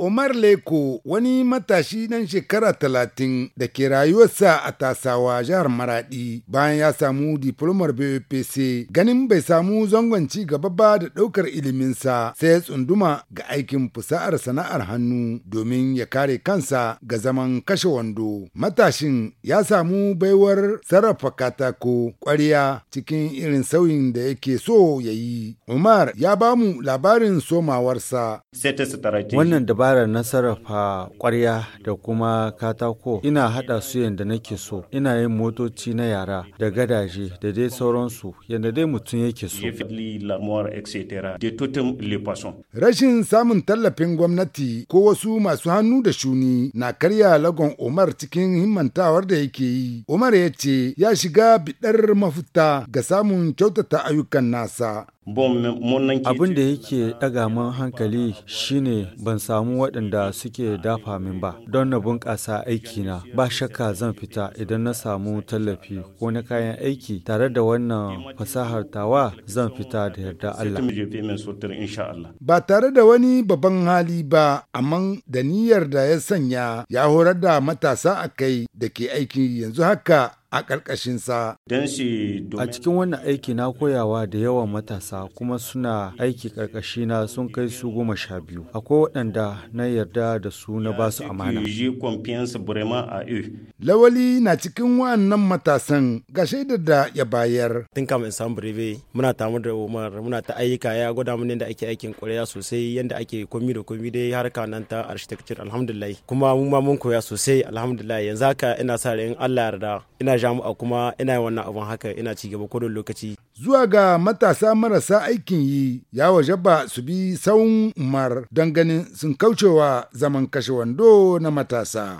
Omar Leko wani matashi nan shekara talatin da ke rayuwarsa a tasawa jihar Maradi bayan ya samu diplomar BPC ganin bai samu zangon ci gaba ba da ɗaukar iliminsa sai ya tsunduma ga aikin fusa'ar sana'ar hannu domin ya kare kansa ga zaman kashe wando. Matashin ya samu baiwar sarrafa katako ƙwarya cikin irin sauyin da yake so ya yi. Omar, ya ba mu labarin somawarsa. Wannan fara na sarrafa kwarya da kuma katako ina hada su yadda nake so ina yin motoci na yara da gadaje da dai sauransu yadda dai mutum yake so rashin samun tallafin gwamnati ko wasu masu hannu da shuni na karya lagon umar cikin himmantawar da yake yi umar ya ce ya shiga bidar mafita ga samun kyautata ayyukan nasa abin da yake ɗaga man hankali shine ban samu waɗanda suke dafa min ba don na bunƙasa aikina ba shakka zan fita idan na samu tallafi ko na kayan aiki tare da wannan fasahar tawa zan fita da yarda Allah. Ba tare da wani babban hali ba amma da niyyar da ya sanya ya horar da matasa a kai da ke aiki yanzu haka a ƙarƙashinsa. A cikin wannan aiki na koyawa da yawan matasa kuma suna aiki ƙarƙashina sun kai su goma sha biyu. Akwai waɗanda na yarda da su na ba su amana. Lawali na cikin wannan matasan ga shaidar da ya bayar. Tun kama in samu birebe muna tamu da Umar muna ta ayyuka ya gwada mun yadda ake aikin ƙwarya sosai yadda ake komi da komi dai harka nan ta architecture alhamdulillah kuma mun ma mun koya sosai alhamdulillah yanzu haka ina sa ran Allah yarda ina jami'a kuma ina wannan abun haka ina ci gaba kodin lokaci. Zuwa ga matasa marasa aikin yi ya waje ba su bi saun umar don ganin sun kaucewa zaman kashe wando na matasa.